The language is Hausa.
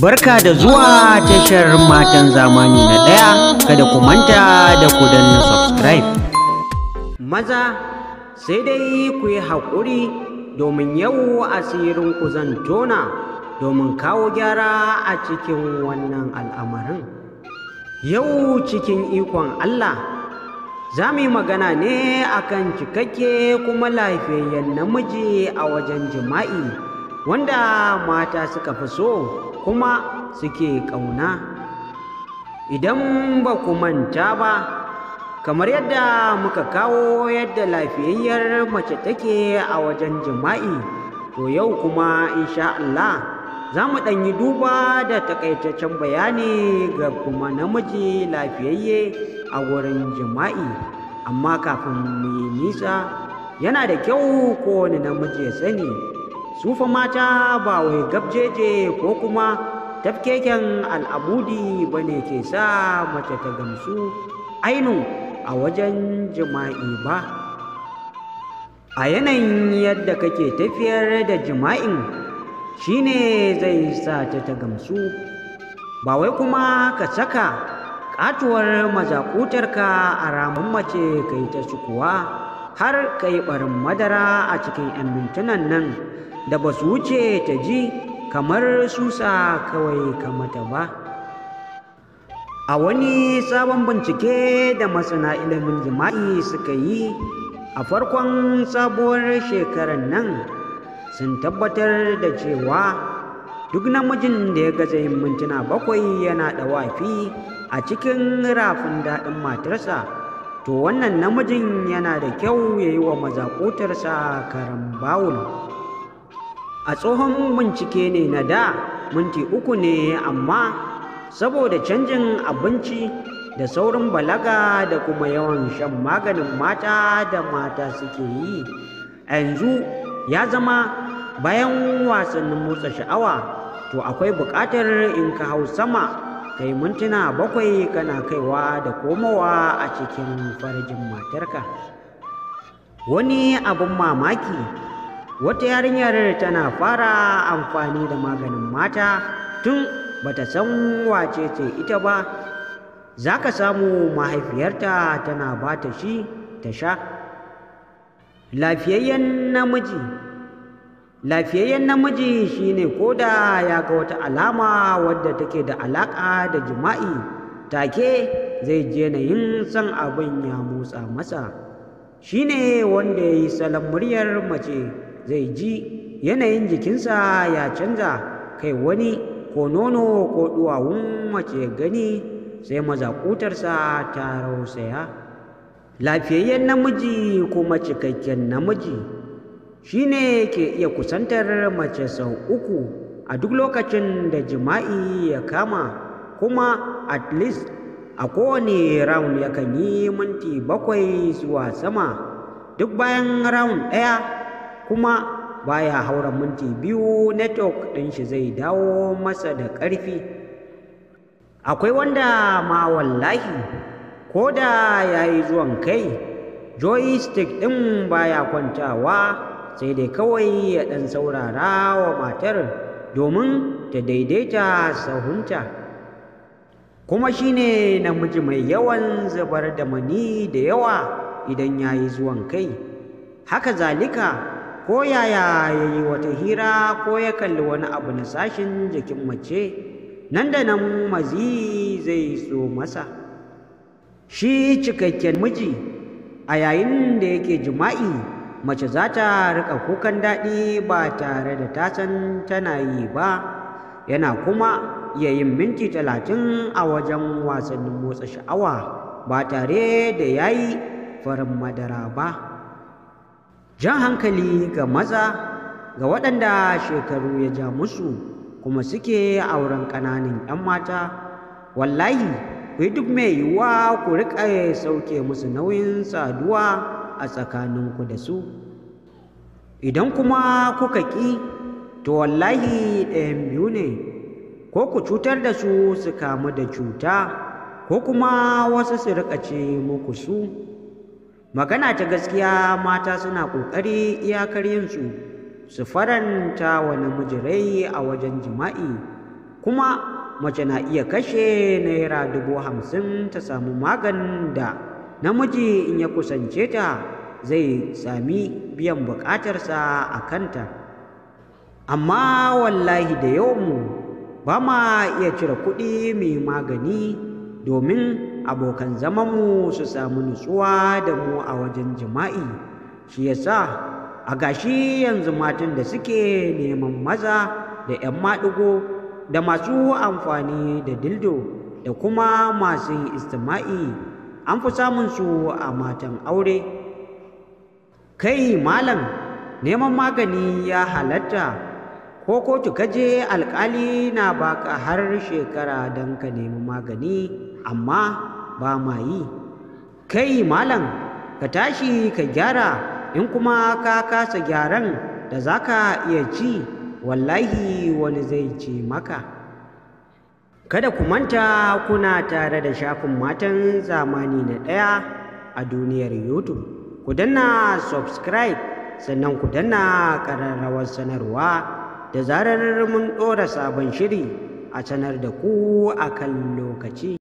Barka da zuwa tashar matan zamani na ɗaya kada ku manta da ku danna subscribe. Maza sai dai ku yi haƙuri domin yau asirin ku zan tona domin kawo gyara a cikin wannan al'amarin. Yau cikin ikon Allah za mu yi magana ne akan cikakke kuma lafiyayyen namiji a wajen jima'i wanda mata suka fi so. kuma suke ƙauna idan ba ku manta ba kamar yadda muka kawo yadda lafiyayyar mace take a wajen jima'i to yau kuma insha Allah za mu ɗan yi duba da takaitaccen bayani ga kuma namiji lafiyayye a wurin jima'i amma kafin mu yi nisa yana da kyau kowane namiji ya sani Sufa mata ba wai gabjeje ko kuma tafkeken al'abudi ba ne ke sa mace ta gamsu ainun a wajen jima'i ba a yanayin yadda kake tafiyar da jima'in shine zai sa ta ta gamsu ba wai kuma ka saka katuwar mazakutarka a ramin mace kai ta kuwa? har ka yi ɓarin madara a cikin 'yan mintunan nan da ba su wuce ta ji kamar susa kawai kamata ba a wani sabon bincike da masana ilimin jima'i suka yi a farkon sabuwar shekarar nan sun tabbatar da cewa duk namijin da ya gaza yin mintuna bakwai yana da wafi a cikin rafin daɗin matarsa to wannan namijin yana da kyau ya yi wa mazaƙotarsa karan bawul a tsohon bincike ne na da minti uku ne amma saboda canjin abinci da saurin balaga da kuma yawan shan maganin mata da mata suke yi a yanzu ya zama bayan wasannin motsa sha'awa to akwai buƙatar in ka hau sama kai mintuna bakwai kana kaiwa da komowa a cikin farjin matarka wani abin mamaki wata yarinyar tana fara amfani da maganin mata tun bata san wace ce ita ba za ka samu mahaifiyarta tana bata shi ta sha lafiyayyen namiji lafiyayyen namiji shine da ya ga wata alama wadda take da alaƙa da jima'i take zai je na yin son abin ya motsa masa shine wanda ya yi salon muryar mace zai ji yanayin jikinsa ya canza kai wani ko nono ko duwawun mace gani sai mazakutarsa ta rausaya lafiyayyen namiji kuma cikakken namiji shi ne ke iya kusantar mace sau uku a duk lokacin da jima'i ya kama kuma at least a kowane round kan yi minti bakwai zuwa sama duk bayan round ɗaya kuma baya haura minti biyu network ɗin shi zai dawo masa da ƙarfi akwai wanda ma wallahi ko da ya yi zuwan kai joystick ɗin baya kwantawa sai dai kawai ya ɗan saurara wa matar domin ta daidaita sahunta kuma shi ne namiji mai yawan zubar da mani da yawa idan ya yi zuwan kai haka zalika ko yaya ya yi wata hira ko ya kalli wani abu na sashin jikin mace nan da nan mazi zai so masa shi cikakken miji a yayin da yake jima'i mace za ta riƙa kukan daɗi ba tare da ta san tana yi ba yana kuma ya yin minti talatin a wajen wasannin motsa sha'awa ba tare da ya yi farin madara ba jan hankali ga maza ga waɗanda shekaru ya ja musu kuma suke auren ƙananan 'yan mata wallahi ku yi duk mai yiwuwa ku riƙa sauke musu nauyin saduwa a tsakaninku da su idan kuma kuka ƙi to wallahi ɗayan biyu ne ko ku cutar da su su kamu da cuta ko kuma wasu su ce muku su magana ta gaskiya mata suna ƙoƙari iyakar yinsu su faranta wa namiji a wajen jima'i kuma mace na iya kashe naira dubu hamsin ta samu maganin da namiji in ya kusance ta zai sami biyan buƙatarsa a kanta amma wallahi da mu, ba ma iya cire kuɗi mai magani domin abokan zamanmu su samu nutsuwa da mu a wajen jima'i shi yasa a gashi yanzu matan da suke neman maza da 'yan maɗigo da masu amfani da dildo da kuma masu istima'i an fi samun su a matan aure kai malam neman magani ya halatta ko kotu kaje alkali na baka har shekara don ka nemi magani amma ba ma yi kai malam ka tashi ka gyara in kuma ka kasa gyaran da za ka iya ci wallahi wani zai ci maka Kada ku manta kuna tare da shafin matan zamani na ɗaya a duniyar YouTube. Ku danna subscribe sannan ku danna ƙararrawar sanarwa da zarar mun ɗora sabon shiri a sanar da ku a kan lokaci.